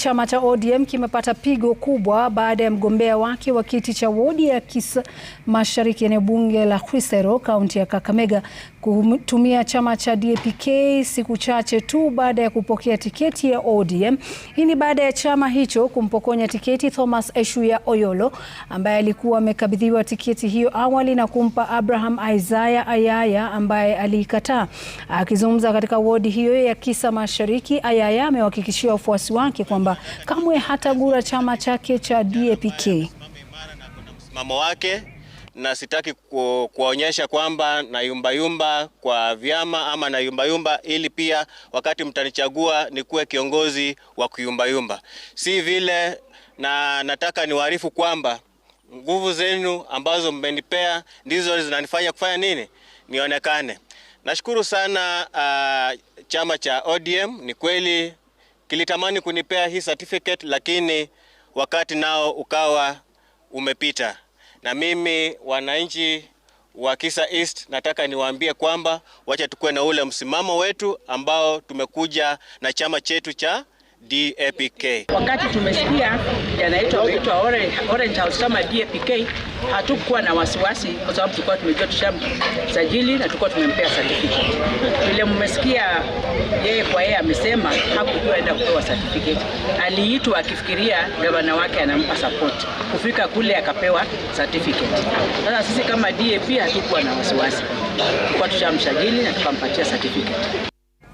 Chama cha ODM kimepata pigo kubwa baada ya mgombea wake wa kiti cha wodi ya Kisa Mashariki eneo yaani bunge la Khwisero kaunti ya Kakamega kutumia chama cha DAP-K siku chache tu baada ya kupokea tiketi ya ODM. Hii ni baada ya chama hicho kumpokonya tiketi Thomas Eshuya Oyolo ambaye alikuwa amekabidhiwa tiketi hiyo awali na kumpa Abraham Isaiah Ayaya ambaye aliikataa. Akizungumza katika wodi hiyo ya Kisa Mashariki, Ayaya amewahakikishia wafuasi wake kwamba kwamba kamwe hatagura chama chake cha DAP-K msimamo wake na sitaki ku, kuonyesha kwamba yumba kwa vyama ama na yumba, ili pia wakati mtanichagua nikuwe kiongozi wa kuyumbayumba, si vile. Na nataka niwaarifu kwamba nguvu zenu ambazo mmenipea ndizo zinanifanya kufanya nini, nionekane. Nashukuru sana uh, chama cha ODM ni kweli kilitamani kunipea hii certificate, lakini wakati nao ukawa umepita. Na mimi wananchi wa Kisa East nataka niwaambie kwamba wacha tukuwe na ule msimamo wetu ambao tumekuja na chama chetu cha DAPK. Wakati tumesikia yanaitwa wameitwa Orange House kama DAPK, hatukuwa na wasiwasi kwa sababu tulikuwa tumejua tushamsajili na tulikuwa tumempea certificate. Vile mmesikia yeye kwa yeye amesema hakujua aenda kupewa certificate. Aliitwa akifikiria gavana wake anampa support. Kufika kule akapewa certificate. Sasa sisi kama DAP hatukuwa na wasiwasi. Tulikuwa tushamsajili na tukampatia certificate.